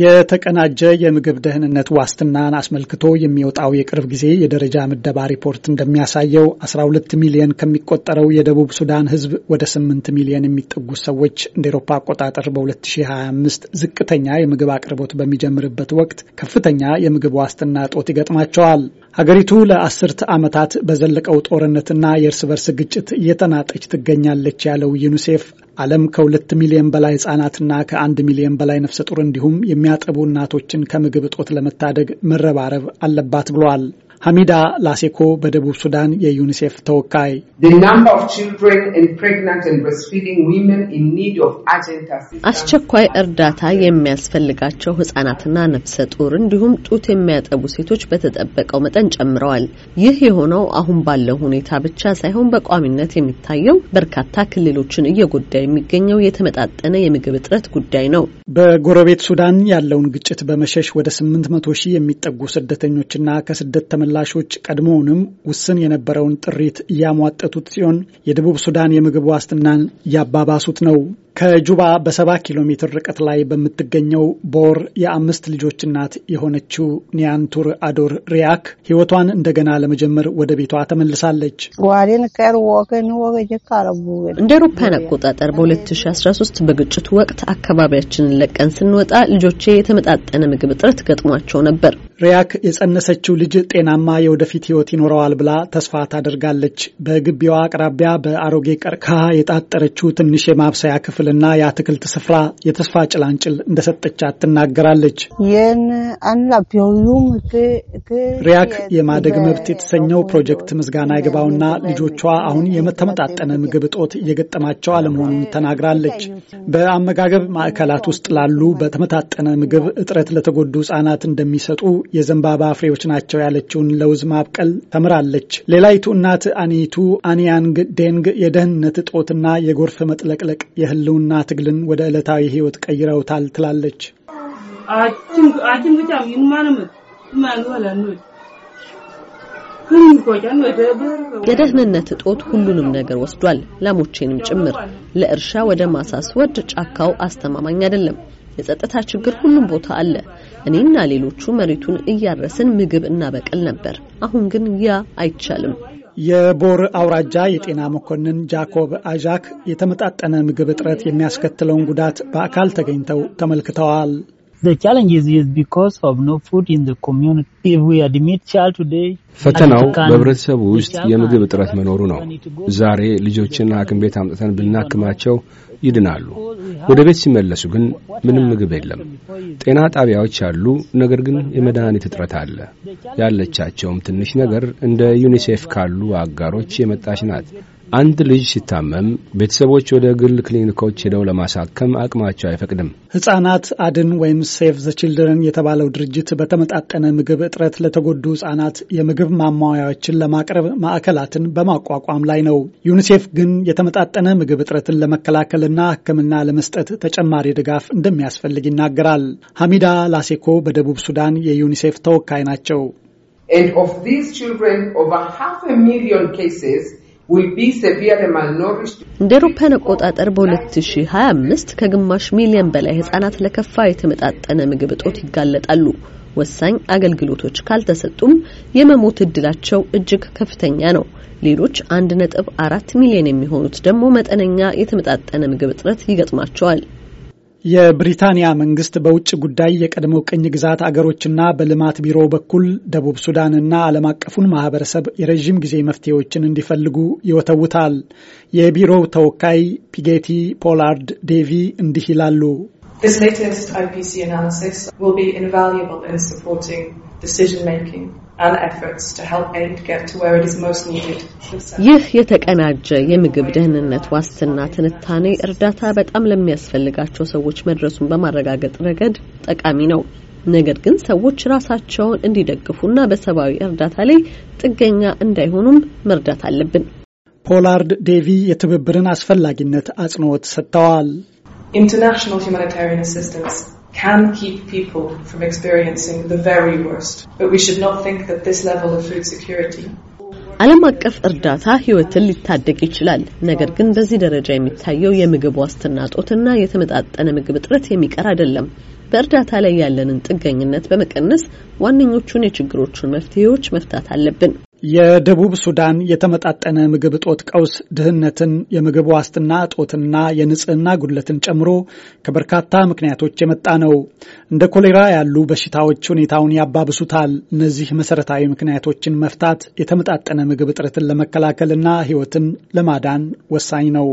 የተቀናጀ የምግብ ደህንነት ዋስትናን አስመልክቶ የሚወጣው የቅርብ ጊዜ የደረጃ ምደባ ሪፖርት እንደሚያሳየው 12 ሚሊዮን ከሚቆጠረው የደቡብ ሱዳን ሕዝብ ወደ 8 ሚሊዮን የሚጠጉ ሰዎች እንደ ኤሮፓ አቆጣጠር በ2025 ዝቅተኛ የምግብ አቅርቦት በሚጀምርበት ወቅት ከፍተኛ የምግብ ዋስትና እጦት ይገጥማቸዋል። ሀገሪቱ ለአስርት ዓመታት በዘለቀው ጦርነትና የእርስ በርስ ግጭት እየተናጠች ትገኛለች ያለው ዩኒሴፍ ዓለም ከሁለት ሚሊዮን በላይ ህጻናትና ከአንድ ሚሊዮን በላይ ነፍሰ ጡር እንዲሁም የሚያጠቡ እናቶችን ከምግብ እጦት ለመታደግ መረባረብ አለባት ብለዋል። ሐሚዳ ላሴኮ በደቡብ ሱዳን የዩኒሴፍ ተወካይ፣ አስቸኳይ እርዳታ የሚያስፈልጋቸው ህጻናትና ነፍሰ ጡር እንዲሁም ጡት የሚያጠቡ ሴቶች በተጠበቀው መጠን ጨምረዋል። ይህ የሆነው አሁን ባለው ሁኔታ ብቻ ሳይሆን በቋሚነት የሚታየው በርካታ ክልሎችን እየጎዳ የሚገኘው የተመጣጠነ የምግብ እጥረት ጉዳይ ነው። በጎረቤት ሱዳን ያለውን ግጭት በመሸሽ ወደ ስምንት መቶ ሺህ የሚጠጉ ስደተኞችና ከስደት ተመላ ተመላሾች ቀድሞውንም ውስን የነበረውን ጥሪት እያሟጠቱት ሲሆን የደቡብ ሱዳን የምግብ ዋስትናን እያባባሱት ነው። ከጁባ በሰባ ኪሎ ሜትር ርቀት ላይ በምትገኘው ቦር የአምስት ልጆች እናት የሆነችው ኒያንቱር አዶር ሪያክ ሕይወቷን እንደገና ለመጀመር ወደ ቤቷ ተመልሳለች። እንደ አውሮፓውያን አቆጣጠር በ2013 በግጭቱ ወቅት አካባቢያችንን ለቀን ስንወጣ ልጆቼ የተመጣጠነ ምግብ እጥረት ገጥሟቸው ነበር። ሪያክ የጸነሰችው ልጅ ጤናማ የወደፊት ሕይወት ይኖረዋል ብላ ተስፋ ታደርጋለች። በግቢዋ አቅራቢያ በአሮጌ ቀርከሃ የጣጠረችው ትንሽ የማብሰያ ክፍል ክፍልና የአትክልት ስፍራ የተስፋ ጭላንጭል እንደሰጠቻት ትናገራለች። ሪያክ የማደግ መብት የተሰኘው ፕሮጀክት ምስጋና ይግባውና ልጆቿ አሁን የተመጣጠነ ምግብ እጦት እየገጠማቸው አለመሆኑን ተናግራለች። በአመጋገብ ማዕከላት ውስጥ ላሉ በተመጣጠነ ምግብ እጥረት ለተጎዱ ህጻናት እንደሚሰጡ የዘንባባ ፍሬዎች ናቸው ያለችውን ለውዝ ማብቀል ተምራለች። ሌላይቱ እናት አኒቱ አኒያንግ ዴንግ የደህንነት እጦትና የጎርፍ መጥለቅለቅ የህል የህልውና ትግልን ወደ ዕለታዊ ህይወት ቀይረውታል ትላለች። የደህንነት እጦት ሁሉንም ነገር ወስዷል፣ ላሞቼንም ጭምር። ለእርሻ ወደ ማሳ ስወርድ ጫካው አስተማማኝ አይደለም። የጸጥታ ችግር ሁሉም ቦታ አለ። እኔና ሌሎቹ መሬቱን እያረስን ምግብ እናበቅል ነበር። አሁን ግን ያ አይቻልም። የቦር አውራጃ የጤና መኮንን ጃኮብ አዣክ የተመጣጠነ ምግብ እጥረት የሚያስከትለውን ጉዳት በአካል ተገኝተው ተመልክተዋል። ፈተናው በህብረተሰቡ ውስጥ የምግብ እጥረት መኖሩ ነው። ዛሬ ልጆችን ሐኪም ቤት አምጥተን ብናክማቸው ይድናሉ። ወደ ቤት ሲመለሱ ግን ምንም ምግብ የለም። ጤና ጣቢያዎች አሉ፣ ነገር ግን የመድኃኒት እጥረት አለ። ያለቻቸውም ትንሽ ነገር እንደ ዩኒሴፍ ካሉ አጋሮች የመጣች ናት። አንድ ልጅ ሲታመም ቤተሰቦች ወደ ግል ክሊኒኮች ሄደው ለማሳከም አቅማቸው አይፈቅድም። ሕፃናት አድን ወይም ሴቭ ዘ ችልድረን የተባለው ድርጅት በተመጣጠነ ምግብ እጥረት ለተጎዱ ሕፃናት የምግብ ማሟያዎችን ለማቅረብ ማዕከላትን በማቋቋም ላይ ነው። ዩኒሴፍ ግን የተመጣጠነ ምግብ እጥረትን ለመከላከልና ሕክምና ለመስጠት ተጨማሪ ድጋፍ እንደሚያስፈልግ ይናገራል። ሐሚዳ ላሴኮ በደቡብ ሱዳን የዩኒሴፍ ተወካይ ናቸው። እንደ አውሮፓውያን አቆጣጠር በ2025 ከግማሽ ሚሊዮን በላይ ህጻናት ለከፋ የተመጣጠነ ምግብ እጦት ይጋለጣሉ። ወሳኝ አገልግሎቶች ካልተሰጡም የመሞት እድላቸው እጅግ ከፍተኛ ነው። ሌሎች አንድ ነጥብ አራት ሚሊዮን የሚሆኑት ደግሞ መጠነኛ የተመጣጠነ ምግብ እጥረት ይገጥማቸዋል። የብሪታንያ መንግስት በውጭ ጉዳይ የቀድሞ ቅኝ ግዛት አገሮችና በልማት ቢሮ በኩል ደቡብ ሱዳንና ዓለም አቀፉን ማህበረሰብ የረዥም ጊዜ መፍትሄዎችን እንዲፈልጉ ይወተውታል። የቢሮው ተወካይ ፒጌቲ ፖላርድ ዴቪ እንዲህ ይላሉ። decision making. and efforts to to help aid get where it is most needed. ይህ የተቀናጀ የምግብ ደህንነት ዋስትና ትንታኔ እርዳታ በጣም ለሚያስፈልጋቸው ሰዎች መድረሱን በማረጋገጥ ረገድ ጠቃሚ ነው። ነገር ግን ሰዎች ራሳቸውን እንዲደግፉና በሰብአዊ እርዳታ ላይ ጥገኛ እንዳይሆኑም መርዳት አለብን። ፖላርድ ዴቪ የትብብርን አስፈላጊነት አጽንኦት ሰጥተዋል። ኢንተርናሽናል ሁማኒታሪያን አሲስታንስ can keep people from experiencing the very worst. But we should not think that this level of food security ዓለም አቀፍ እርዳታ ህይወትን ሊታደግ ይችላል። ነገር ግን በዚህ ደረጃ የሚታየው የምግብ ዋስትና እጦትና የተመጣጠነ ምግብ እጥረት የሚቀር አይደለም። በእርዳታ ላይ ያለንን ጥገኝነት በመቀነስ ዋነኞቹን የችግሮቹን መፍትሄዎች መፍታት አለብን። የደቡብ ሱዳን የተመጣጠነ ምግብ እጦት ቀውስ ድህነትን፣ የምግብ ዋስትና እጦትና የንጽህና ጉድለትን ጨምሮ ከበርካታ ምክንያቶች የመጣ ነው። እንደ ኮሌራ ያሉ በሽታዎች ሁኔታውን ያባብሱታል። እነዚህ መሰረታዊ ምክንያቶችን መፍታት የተመጣጠነ ምግብ እጥረትን ለመከላከልና ሕይወትን ለማዳን ወሳኝ ነው።